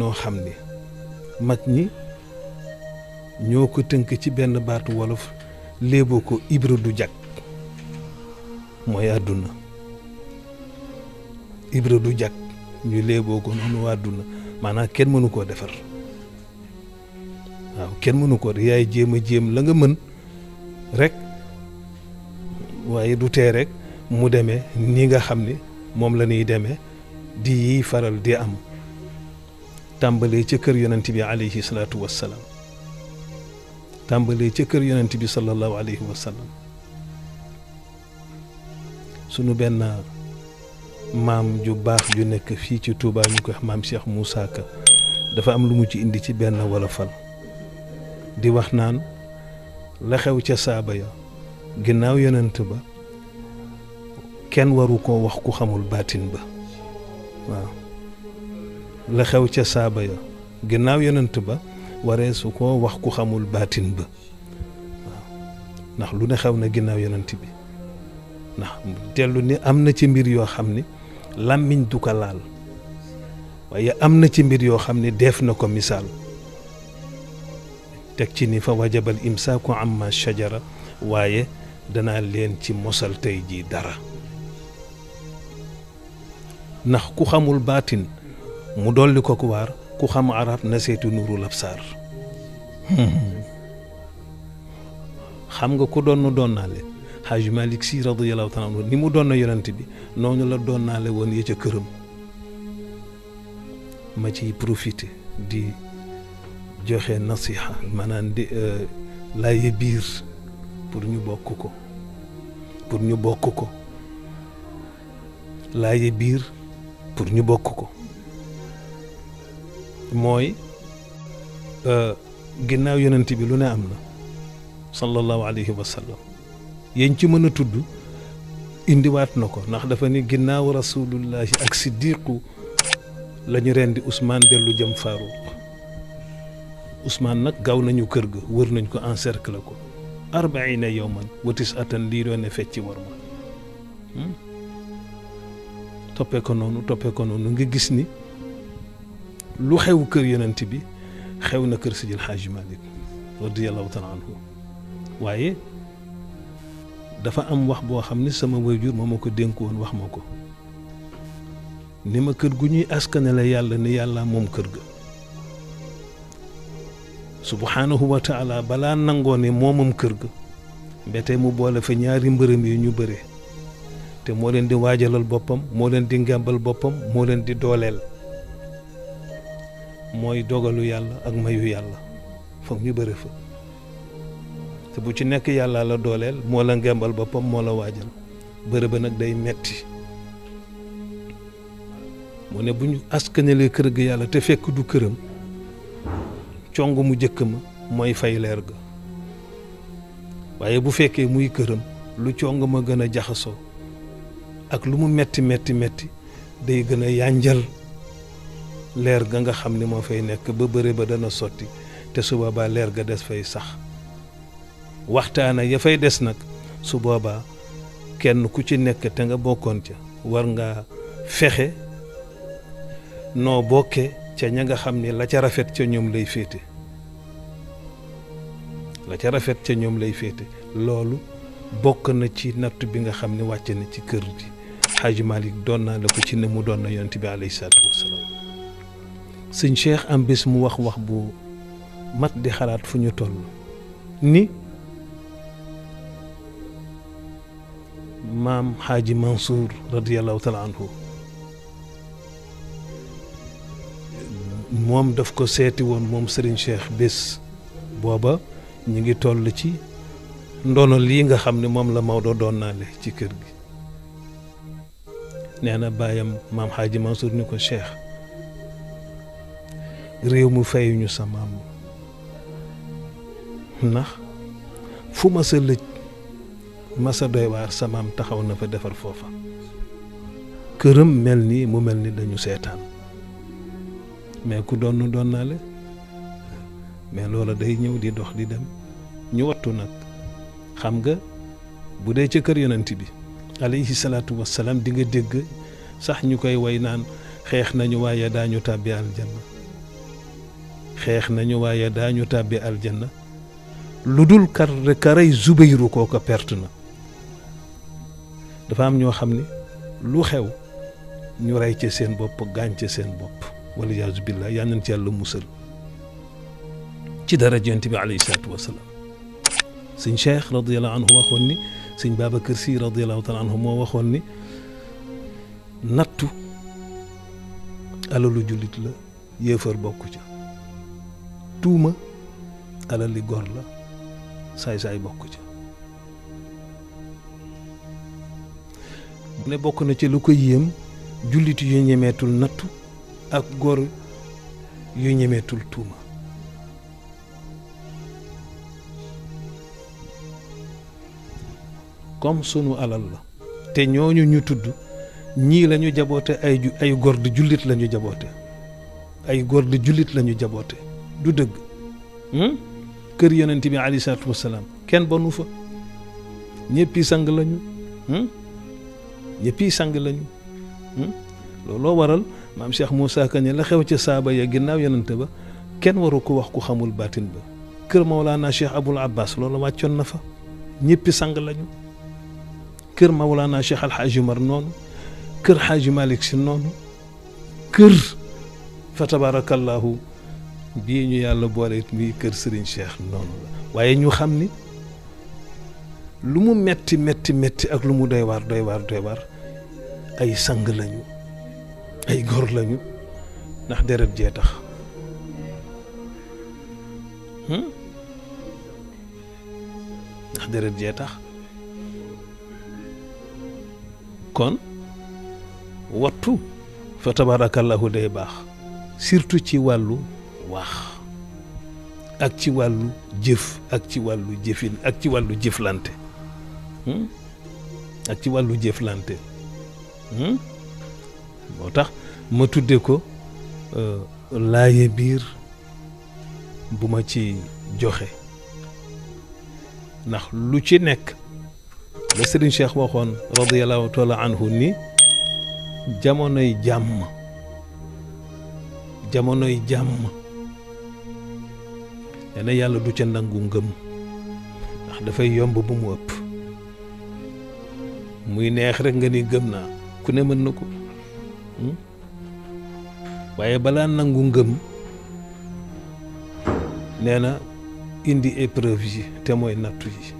noo xam ni mag ñi ñoo ko tënk ci benn baatu wolof léeboo ko ibra du jag mooy àdduna ibra du jag ñu léeboo ko noonu àdduna maanaam kenn mënu koo defar waaw kenn mënu ko yaay jéem a jéem la nga mën rekk waaye du tee rek mu demee ni nga xam ni moom la ñuy demee di yiy faral di am tambale ci kër yonent bi alayhi salatu wassalam tambale ci kër yonent bi sallallahu alayhi wasallam sunu ben mam ju bax ju nek fi ci Touba ñu ko mam Cheikh Moussa Ka dafa am lu mu ci indi ci ben wala fal di wax naan la xew ci saaba ya ginnaaw yonent ba ken waru ko wax ku xamul batin ba waaw la xew ca saaba ya ginnaaw yonent ba waree su ko wax ku xamul baatin ba ndax lu ne xew na ginnaaw yonent bi ndax tellu ni am na ci mbir yoo xam ni làmmiñ du ko laal waaye am na ci mbir yoo xam ni def na ko misaal teg ci ni fa wajabal imsaaku amma shajara waaye danaa leen ci mosal tey ji dara ndax ku xamul baatin mu dolli ko ku waar ku xam arab na seetu nuuru labsaar xam nga ku doon donnaale xaaju Malik si radiyallahu taala anhu ni mu doon na yonent bi noonu la donnaale woon ya ca këram ma ciy profité di joxe nasiha maanaam di euh, laaye biir pour ñu bokk ko pour ñu bokk ko laaye biir pour ñu bokk ko mooy euh, ginnaaw yonent bi lu ne am na sallallahu alayhi wa sallam yéen ci mën a tudd indiwaat na ko ndax dafa ne ginnaaw rasulullahi ak siddiqu la ñu rendi Ousmane dellu jëm Farouq usmaan nag gaaw nañu kër gi wër nañ ko encercle ko arbaina yowman watis atan lii doon ne fecci war ma hmm? toppee ko noonu toppee ko noonu nga gis ni lu xew kër yonent bi xew na kër si Hadji Malick radiyallahu taala anhu waaye dafa am wax boo xam ni sama waajur moo ma ko dénk woon wax ma ko ni ma kër gu ñuy askane la yàlla ni yàlla moom kër ga subhaanahu wa taala balaa nangoo ne moomam kër ga mbete mu boole fa ñaari mbërëm yi ñu bëree te moo leen di waajalal boppam moo leen di ngembal boppam moo leen di dooleel mooy dogalu yàlla ak mayu yàlla foog ñu bëri te bu ci nekk yàlla la dooleel moo la ngembal boppam moo la waajal bëri nag day metti mu ne bu ñu askanalee kër ga yàlla te fekk du këram cong mu jëkk ma mooy fay leer ga waaye bu fekkee muy këram lu cong ma gën a jaxasoo ak lu mu metti metti metti day gën a yànjal leer ga nga xam ni moo fay nekk ba bëre ba dana sotti te su boobaa leer ga des fay sax waxtaana ya fay des nag su boobaa kenn ku ci nekk te nga bokkoon ca war nga fexe noo bokke ca ña nga xam ni la ca rafet ca ñoom lay féete la ca rafet ca ñoom lay féete loolu bokk na ci natt bi nga xam ne wàcce na ci kër gi Xaaji Malik doon naa la ko ci ne mu doon na yonent bi alayhi salaatu wasalaam sëñ Cheikh am bés mu wax wax bu mat di xalaat fu ñu toll ni maam xaaji Mansour radiyallahu taala anhu moom daf ko seeti woon moom sëriñ Cheikh bés booba ñu ngi toll ci ndono lii nga xam ne moom la Maodo doon naale ci kër gi nee na bàyyam maam xaaji Mansour ni ko Cheikh réew mi fayuñu sa maam ndax fu ma lëj ma sa doy waar sa maam taxaw na fa defar foofa këram mel nii mu mel ni dañu seetaan mais ku doon doon naa la mais loola day ñëw di dox di dem ñu wattu nag xam nga bu dee ca kër yonent bi alayhi salaatu wassalaam di nga dégg sax ñu koy woy naan xeex nañu waaye daañu tàbbi aljanna xeex nañu waaye daañu tàbbi aljanna lu dul kar karay zubayru kooka perte na dafa am ñoo xam ne lu xew ñu rey ca seen bopp gaañ ca seen bopp wala yaasu billah yaa nañ ci yàlla musal ci dara jent bi alayhi salaatu wasalaam sëñ cheikh radiallahu anhu waxoon ni sëñ babacar si radiallahu taala anhu moo waxoon ni nattu alalu jullit la yéefar bokku ca tuuma alal li gor la saay-saay bokk ci mu ne bokk na ci lu ko yéem jullit yu ñemeetul nattu ak góor yu ñemeetul tuuma comme sunu alal la te ñooñu ñu tudd ñii la jaboote ay ay di jullit la jaboote ay góor di jullit la jaboote du dëgg kër yonent bi aleyhi salaatu wasalaam kenn bonu fa ñëppi sang lañu ñëppi sang lañu looloo waral maam Cheikh Moussa Kañe la xew ca saaba ya ginnaaw yonent ba kenn waru ko wax ku xamul baatin ba kër Maulana Cheikh Abul Abbas loolu wàccoon na fa ñëppi sang lañu kër Maulana Cheikh Al Hadj Umar noonu kër Hadj Malick si noonu kër fa tabaarakallaahu bii ñu yàlla boole it muy kër sëriñ Cheikh noonu la waaye ñu xam ni lu mu metti metti metti ak lu mu doy waar doy waar doy waar ay sang lañu ay góor lañu ndax deret jee tax hmm? ndax deret jee tax kon wattu fa tabarakallahu day baax surtout ci wàllu wax ak ci walu jëf ak ci walu jëfin ak ci wàllu jëflante hmm? ak ci walu jëflante hmm motax ma tuddé ko euh laye bir buma ci lu ci la Serigne Cheikh waxoon radiyallahu taala anhu ni jamonoy jamonoy nee na yàlla du ca nangu ngëm ndax dafay yomb bu mu ëpp muy neex rek nga ni gëm naa ku ne mën na ko hmm? waaye balaa nangu ngëm nee na indi épreuve yi te mooy nattu yi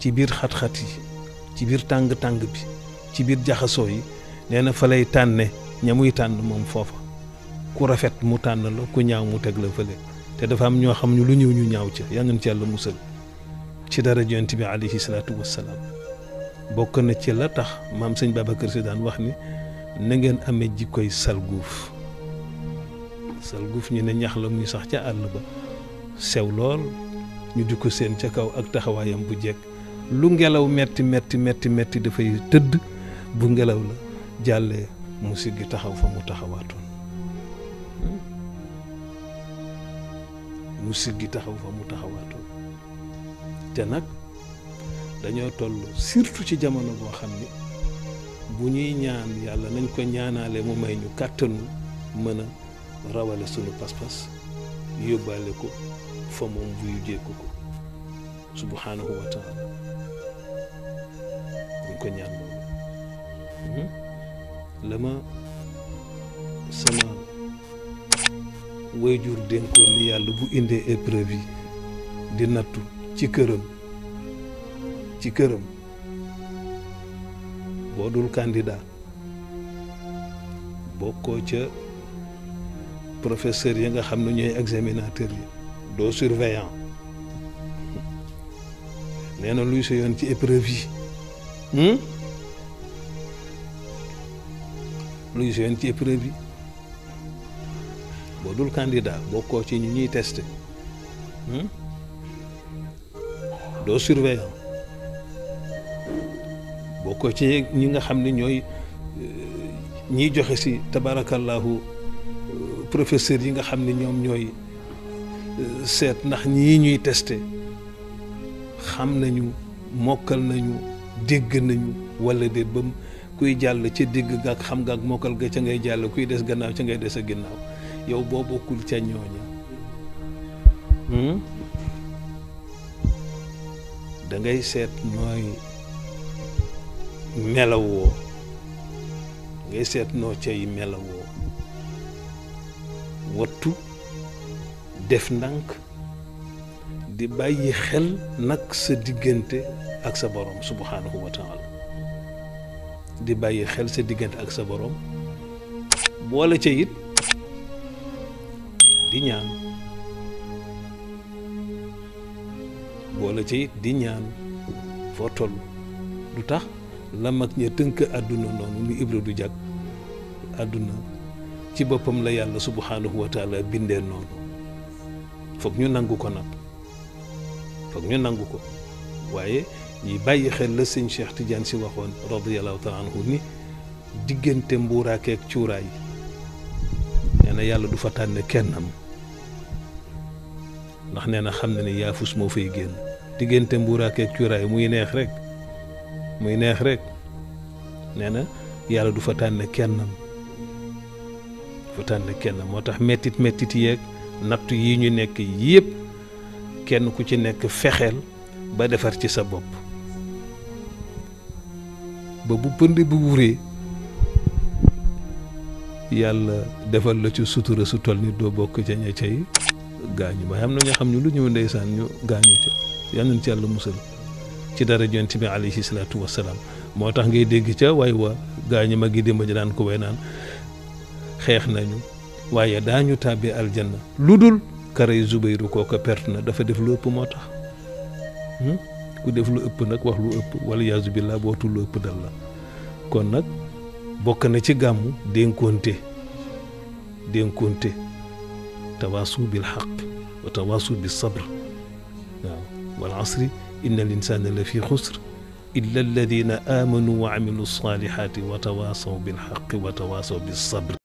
ci biir xat-xat yi ci biir tàng-tàng bi ci biir jaxasoo yi nee na fa lay tànne ña muy tànn moom foofa ku rafet mu tànn la ku ñaaw mu teg la fële te dafa am ñoo xam ne lu ñëw ñu ñaaw ca yaa ngeen ci yàlla musal ci dara yonent bi alayhi salaatu wassalaam bokk na ci la tax maam sëñ Babacar Si daan wax ni na ngeen amee jikkoy salguuf salguuf ñu ne ñax la muy sax ca àll ba sew lool ñu di ko séen ca kaw ak taxawaayam bu jekk lu ngelaw metti metti metti metti dafay tëdd bu ngelaw la jàllee mu siggi taxaw fa mu taxawaatoon mu siggi taxaw fa mu taxawaatoo te nag dañoo toll surtout ci jamono boo xam ne bu ñuy ñaan yàlla nañ ko ñaanaale mu may ñu kàttanu mëna a rawale sunu pas-pas yóbbaale ko fa moom buyu jékku ko subhanahu wa taala ñu ko ñaan loolu hmm? la ma sama wayjur dénkoon ni yàlla bu indee épreuve yi di nattu ci këram ci këram boo dul candidat bokkoo ca professeur yi nga xam ne ñooy examinateur yi doo surveillant nee na luy sa yoon ci épreuve yi hmm? luy sa yoon ci épreuve yi boo dul candidat bokkoo ci ñu ñuy testé hmm? doo surveillant bokkoo ci ñi nga xam ni ñooy euh, ñiy joxe si tabarakallahu euh, professeur yi nga xam ni ñoom ñooy euh, seet ndax ñi ñuy testé xam nañu mokkal nañu dégg nañu wala déet ba kuy jàll ca dégg gaak xam gaak mokkal ga ca ngay jàll kuy des gannaaw ca ngay des a ginnaaw yow boo bokkul ca ñooña hmm? da ngay seet nooy melawoo ngay seet noo cay melawoo wattu def ndànk di bàyyi xel nag sa diggante ak sa boroom subhanahu wa taala di bàyyi xel sa diggante ak sa boroom boole ca it di boole ci di ñaan foo toll du tax la mag ña tënk àdduna noonu ni ibra du jàkk àdduna ci boppam la yàlla subhanahu wa taala bindee noonu foog ñu nangu ko nag foog ñu nangu ko waaye ñi bàyyi xel la sëñ Cheikh Tidiane si waxoon radiallahu taala anhu ni diggante mbuuraakeeg cuuraay nee na yàlla du fa tànn kennam ndax nee na xam na ni yaafus moo fay génn diggante mbuuraake ak cuuraay muy neex rek muy neex rek nee na yàlla du fa tànn kennam du tànn kenn moo tax mettit metit yeeg natt yi ñu nekk yépp kenn ku ci nekk fexeel ba defar ci sa bopp ba bu pënd bu wuree yàlla defal la ci sutura su toll ni doo bokk ca ña cay gaañu waaye am na ñoo xam ne lu ñëw ndeysaan ñu gaañu ca yal nañ ci yàlla musal ci dara yonent bi alayhi salaatu wasalaam moo tax ngay dégg ca way wa gaañu mag yi démb ji daan ko way naan xeex nañu waaye daañu tàbbi aljanna lu dul karay Zubayru kooka perte na dafa def lu ëpp moo tax hmm? ku def lu ëpp nag wax lu ëpp wala yaasu billah bootul lu ëpp dal la kon nag bokk na ci gàmmu dénkoonte dénkoonte تواصوا بالحق وتواصوا بالصبر نعم. والعصر إن الإنسان لفي خسر إلا الذين آمنوا وعملوا الصالحات وتواصوا بالحق وتواصوا بالصبر